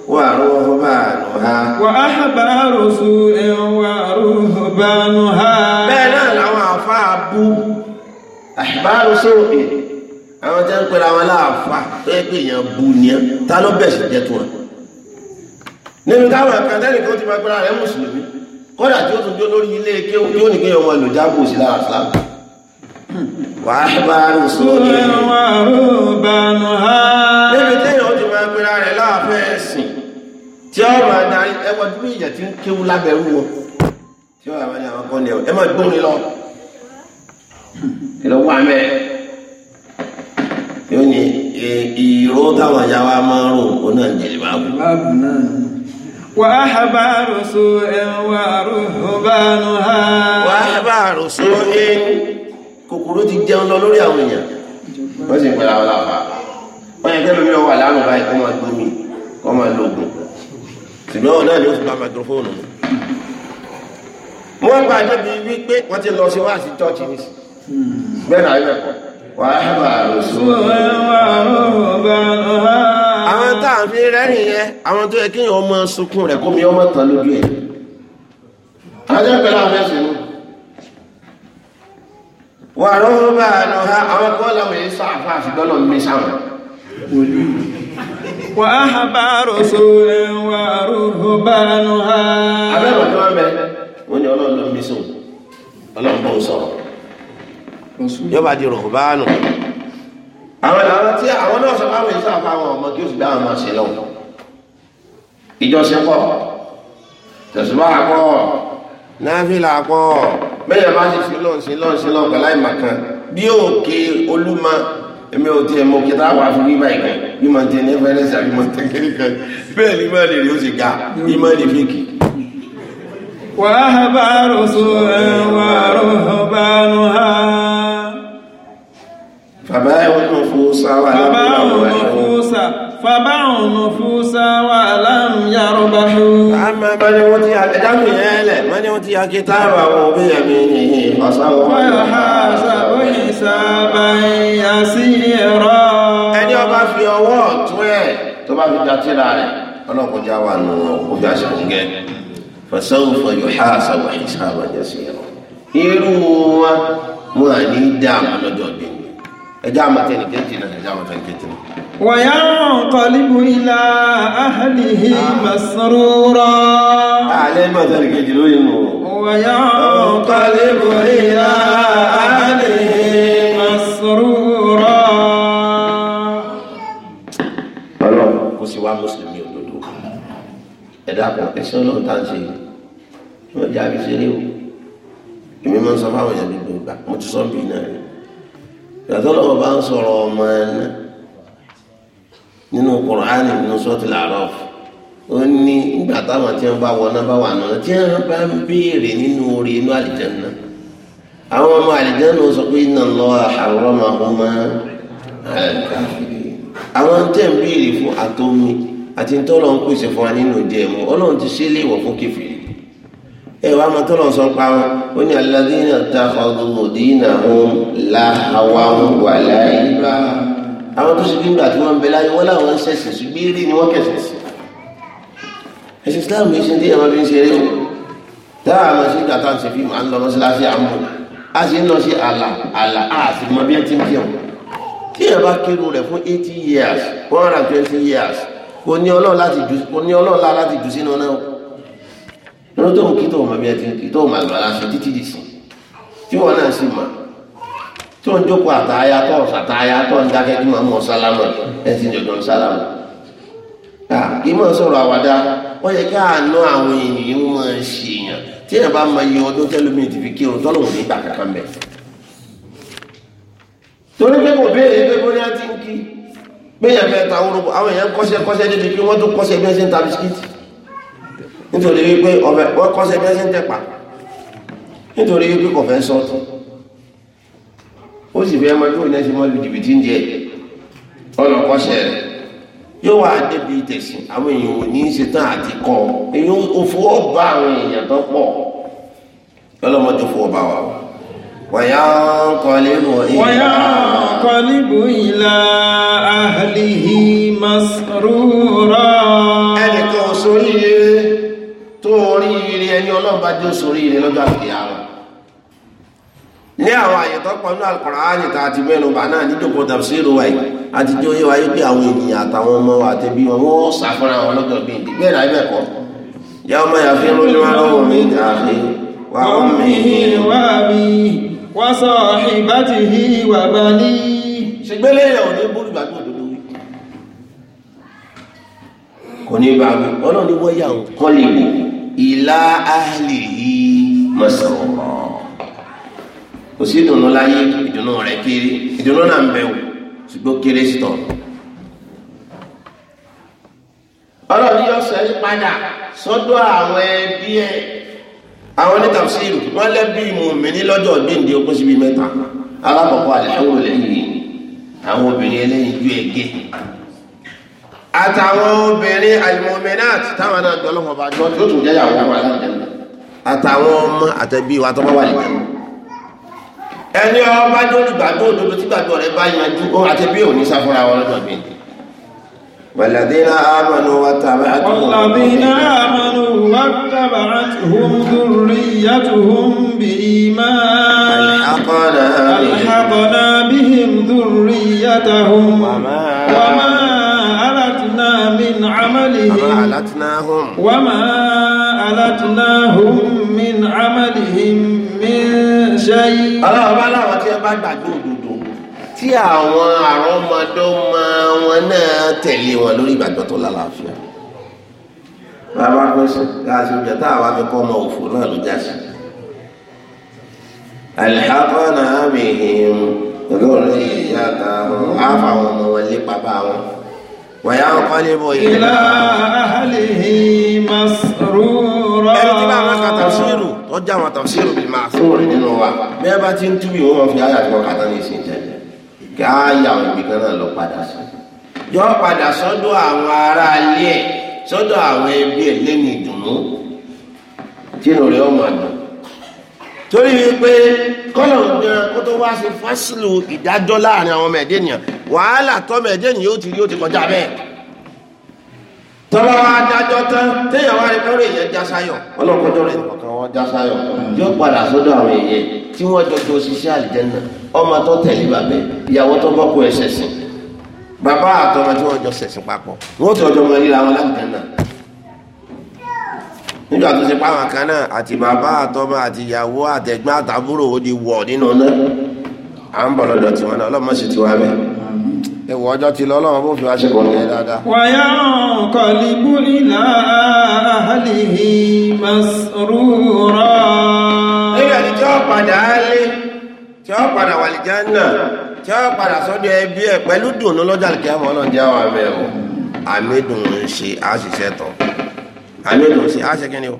وَرُهْبَانُهَا وَأَحْبَارُ سُوءٍ وَرُهْبَانُهَا bẹ́ẹ̀ náà làwọn àfáà bú àhìbárò sóòrè àwọn jẹ́ ń pẹ̀lú àwọn aláàfáà tó yẹ bú ni ẹ́ ta ló bẹ̀ sí jẹ́ tó wọn nínú táwọn àkàtẹ́nì kan ti máa pẹ́ra rẹ̀ mùsùlùmí kọ́dà tí ó tún jó lórí ilé kéwù tí ó ní kéwù ọmọ ìlòjágbò sí lára islam wà á bá rò sórí níbi téèyàn ti máa pẹ́ra rẹ̀ láàfẹ́ ẹ̀sìn tí ó máa darí ẹwà dúró ìjà tí ń kéwù yóò ní ìró táwọn ìyá máa ń rò ó náà jẹ̀lẹ̀ báàbù náà وأحبار سوء ورهبانها وأحبار سوء kòkòrò ti jẹun lọ lórí àwọn èèyàn wọ́n sì ń pẹ̀lú àwọn àfà wọ́n yẹ kí lómi ọwọ́ àlànà báyìí kọ́ máa gbómi kọ́ máa lògùn ṣùgbọ́n ọ̀nà ni ó ti gba microphone wọ́n gba débi wípé wọ́n ti lọ sí wá sí chọ́ọ̀chì ní sí bẹ́ẹ̀ àwọn tá fi rẹ́rìn yẹn àwọn tó yẹ kí ọmọ sunkún rẹ̀ kó ọmọ tán lójú ẹ̀ ajá pẹ̀lú bá a lọ ha àwọn kọ́ sọ àfa mi sáwọn wà á ha bá rọ̀ṣọ́ rẹ̀ wà rọ́rọ́ bá a lọ ha. abẹ́rẹ́ wọ́n ní ọlọ́run ló ń bí àwọn làwọn tí àwọn náà sọ fáwọn ìṣe àfáwọn ọmọ kí oṣù dáhùn máa ṣe lọ ìjọsìn pọ̀ tẹsùmọ àpọ náfìlà àpọ bẹyẹ bá ti fi lọ sí lọ sí lọ pẹ̀lú àìmọ̀kan bí òkè olúmọ èmi ò tiẹ̀ mọ kí táwọn afi wí báyìí kan bí mo ti ní fẹ́rẹ́ sàbí mo ti kiri kan bẹ́ẹ̀ ni mọ́ọ̀lì rẹ̀ ó sì ga ní mọ́ọ̀lì fíkì. wàá bá a rò أوتي كتابه بيمينه فسوف يحاسب حسابا يسيرا ẹni ọba fi ọwọ́ ọ̀tún ẹ̀ tó bá fi da tíra rẹ̀ ọlọ́kùn já wà nù ó fi àṣà ń gẹ́ فسوف يحاسب حسابا يسيرا irú wa mo à ní dáàmú lọ́jọ́ gbẹ̀ngẹ̀ ẹjọ́ àmọ́tẹ́ni kejì náà ẹjọ́ àmọ́tẹ́ni kejì náà. وينقلب إلى أهله مسرورا عليه مثل كجلوه وينقلب إلى أهله مسرورا ọlọ́run kò sí wá mùsùlùmí òdodo ẹ̀dá kan ẹ̀sìn ọlọ́run tá à ń ṣe yìí yóò jẹ́ àbí ṣeré o èmi máa ń sọ fáwọn èèyàn gbogbo ìgbà mo ti sọ ń bì náà rí ìgbàtọ́ lọ́wọ́ bá ń sọ̀rọ̀ ọmọ ẹ̀ nínú Kùránì nínú sọ́ọ̀tì làárọ̀ fún ó ní nígbà táwọn tí wọn bá wọná bá wà náà tí wọn bá ń béèrè nínú orí inú àlìjánná àwọn ọmọ àlìjánná sọ pé iná lọ àwọn ọmọ ọmọ àlìkáfìrí àwọn tẹ̀ ń béèrè fún àtọ́mi àti tọ́lọ̀ ń pèsè fún wa nínú ìdí ẹ̀mú ọlọ́run ti ṣe léèwọ̀ fún kẹfìrí ẹ wàá mọ tọ́lọ̀ sọ pa wọn ó ní àwọn tó ṣe bí tí ń ni ẹ̀sìn islam yìí ṣe ń díyàmọ́ fi ń ṣeré o dáhà máa ṣe gbàtà ń ṣe fi máa ń lọ mọ́ṣáláṣí àmọ́ a sì ń lọ sí àlà àlà a mọ bí ẹ ti ń jẹun tí ẹ bá kírun rẹ̀ fún eighty years one hundred and twenty years kò ní ọlọ́ọ̀lá láti jù sínú náà lọ́dún tó ń kí tó mọ̀ bí ẹ ti ń kí tó mọ̀ àgbà láṣọ títí dì sí tí wọ́n náà sì mọ̀ tí wọ́n jókòó àtàyà tó ṣàtàyà tó ń dákẹ́ kí màmú ọ̀sálámà ẹ̀ sì jọjọ́ ń sálámà. mọ̀ sọ̀rọ̀ àwàdà wọ́n yẹ kí àánú àwọn ènìyàn máa ṣe èèyàn tí èèyàn bá máa yẹ ọdún tẹ́lómi ti fi kírun tọ́lọ̀ òní gbà kankan bẹ̀. torí pé kò béèrè pé bóyá ti ń kí gbéyàn fẹ́ ta orúkọ àwọn èèyàn kọ́ṣẹ́ kọ́ṣẹ́ débi pé wọ́n tún kọ́ṣẹ́ bí wọ́n ṣe ń ta bisikíìtì nítorí wípé ọ̀fẹ́ wọ́n kọ́ṣẹ́ bí wọ́n ṣe ń tẹ̀pà nítorí wípé kò fẹ́ sọ́tún ó sì fẹ́ máa tó ìnáṣẹ́ mọ́ lu jìbìtì ń jẹ ọlọ́kọ́ṣẹ́ rẹ̀ yóò wá débi tẹ̀sìn àwọn èèyàn ò ní í ṣe tán àti kọ́ èèyàn ò fọwọ́ bá àwọn èèyàn tó pọ̀ ọlọ́mọdé fọwọ́ bá wa wọ̀nyá kọ́lébù ìlà wọ̀nyá kọ́lébù ìlà ahlihi masrura. ẹnìkan sóríire tó oríire ẹni ọlọ́mọdé sóríire lọ́jọ́ àgbéyàwó ní àwọn àyè tó pọ̀ ní Al-Qur'ani tá a ti mẹ́nu bà náà níjòkó tafsiru wa yìí àti tí ó yé wa yé pé àwọn ènìyàn àtàwọn ọmọ wa àti ẹbí wọn wọ́n ṣàfihàn àwọn ọlọ́jọ́ bíi ìdígbẹ́ náà ibẹ̀ kọ́. ìyá ọmọ yà fi lórí wa lọ́wọ́ mi àfi wà ó mi. wà á mi wà sọ ìbátìhì wà bá ní. ṣègbélé yẹn ò ní bórí òdodo wí. kò ní bá mi ọlọ́run ni wọ́n yà ń kọ́ kò sí ìdùnnú láyé ìdùnnú rẹ̀ kéré ìdùnnú náà ń bẹ wò ṣùgbọ́n kéré sí tọ̀. ọlọ́run yóò sọ ẹ́ padà sọ́dọ̀ àwọn ẹbí ẹ̀ àwọn ní tafsir wọ́n lẹ́bí mùmíní lọ́jọ́ gbèǹde ogún síbi mẹ́ta alákọ̀ọ́kọ́ àlẹ́wò lẹ́yìn àwọn obìnrin ẹlẹ́yin ju ẹgẹ́ àtàwọn obìnrin almu'minat táwọn náà gbọ́ lọ́wọ́ bá gbọ́ tó tún jẹ́ yàwó wọn àtàwọn ọmọ àtẹbí wa tó bá wà lẹ́yìn ẹni ọba lórí gbàgbọ́ òdodo tí gbàgbọ́ rẹ bá yanjú ó àti bí òní sáfúnra wọn lọ́dọ̀ bí ndé. Wàlàdínà àmàlù wà tàbí àtúhùn. Wàlàdínà àmàlù wà tàbí àtúhùn lórí yàtúhùn bí ìmá. Àlhàkọ̀nà bí. Àlhàkọ̀nà bí lórí yàtàhùn. Wàmá. Wàmá àlàtúnà min àmàlì. Wàmá àlàtúnà hùn. hùn. ọlọ́run bá láwọn tí wọ́n bá gbàgbọ́ òdodo tí àwọn àrọ́mọdọ́mọ wọn náà tẹ̀lé wọn lórí ìgbàgbọ́ tó lálàáfíà bàbá pẹ́sẹ̀ káàsì oúnjẹ tá àwa fi ọmọ òfò náà ló já sí. alihakọ́nà àmìhìn olóòrè ìyá àfàwọn ọmọ wọn lé bàbá wọn wọ̀nyá ọkọ ní bó yìí. ìlà àhàlì masrúra. ẹni tí bá wọn kàtà sírù lọ́jà àwọn tafsir bil ma'thur nínú wa bẹ́ẹ̀ bá ti ń túbì wọ́n máa fi àyà tí wọ́n kàtà ní ìsìn tẹ̀lé kí àyà ìgbì kan náà lọ padà sí. yọ padà sọ́dọ̀ àwọn ará ilé ẹ̀ sọ́dọ̀ àwọn ẹbí ẹ̀ lẹ́nu ìdùnnú tí inú rẹ̀ ọmọ àdùn. torí wípé kọ́lọ̀ gan kó tó wá sí fásilù ìdájọ́ láàrin àwọn ọmọ ẹ̀dẹ́ nìyàn wàhálà tọ́mọ ẹ̀dẹ́ nìyàn ó ti rí ti kọjá bẹ́ẹ̀ tọ́lọ́ wa dájọ́ tán téèyàn wá rí lórí já jásayọ̀ ọlọ́kọjọ́ rẹ̀ nìkan wọn jásayọ̀ yóò padà sọ́dọ̀ àwọn èèyàn tí wọ́n jọjọ òṣìṣẹ́ àlìjẹ́nà ọmọ tó tẹ̀lé bàbẹ́ ìyàwó tó bọ́kú ẹsẹ̀ sìn bàbá àtọmọ tí wọ́n jọ sẹ̀sìn papọ̀ wọ́n tọ́jú ọmọ ríra wọn lágbàdàn náà nígbà tó ṣe páwọn kan náà àti bàbá àtọmọ àti ìyàwó àtẹ̀gbọ́n àtàbúrò ó di wọ̀ nínú náà à ń bọ̀ lọ́dọ̀ tiwọn náà ọlọ́mọ sì ti wá bẹ́ẹ̀ ìwọ ọjọ́ ti lọ ọlọ́run bó fi wá ṣe kò lè dáadáa. wàyà kọ̀lìbù ìlà àhàlìhì masrúra. nígbà tí tí ó padà lé tí ó padà wà lìjà náà tí ó padà sọ́dọ̀ ẹbí ẹ̀ pẹ̀lú dùnú lọ́jà lìkì àmọ́ ọlọ́run jẹ́ àwọn àmì ẹ̀wọ̀ àmìdùn ń ṣe àṣìṣẹ́ tọ̀ àmìdùn ń ṣe àṣìṣẹ́ ni ó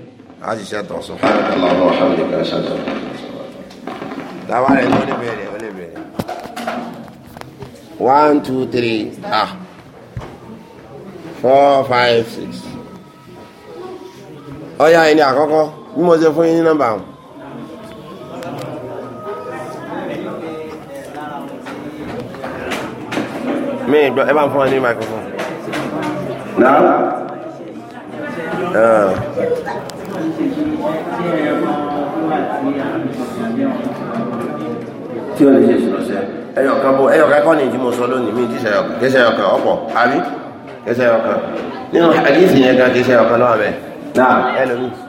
àṣìṣẹ́ tọ̀ sùn. táwa rẹ̀ ló ní bẹ̀rẹ̀ one two three ah four five six ọyá ẹni àkọ́kọ́ bí mo ṣe fún yín ní nọ́mbà àwọn. mi gbọ́ ẹ bá ń fún wa ní microphone. náà. Ah. tí o lè ṣe ìṣúná sẹ́yìn ẹyọkan bó ẹyọkan kọ́ ni tí mo sọ lónìí mi tíṣe ẹyọkan kẹsẹ ẹyọkan ọ̀pọ̀ àbí kẹsẹ ẹyọkan nínú àdéhìsì yẹn gan kẹsẹ ẹyọkan lọ́wọ́ bẹ́ẹ̀ náà ẹlòmíì.